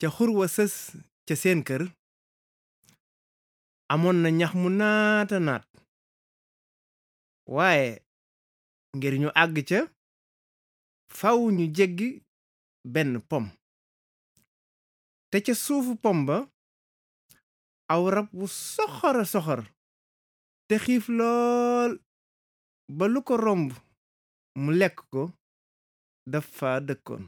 ca xur sës ca seen kër amoon na ñax mu naata naat waaye ngir ñu àgg ca faw ñu jéggi benn pom te ca suufu pom ba aw rab wu soxora soxor te xiif lool ba lu ko romb mu lekk ko dafa dëkkoon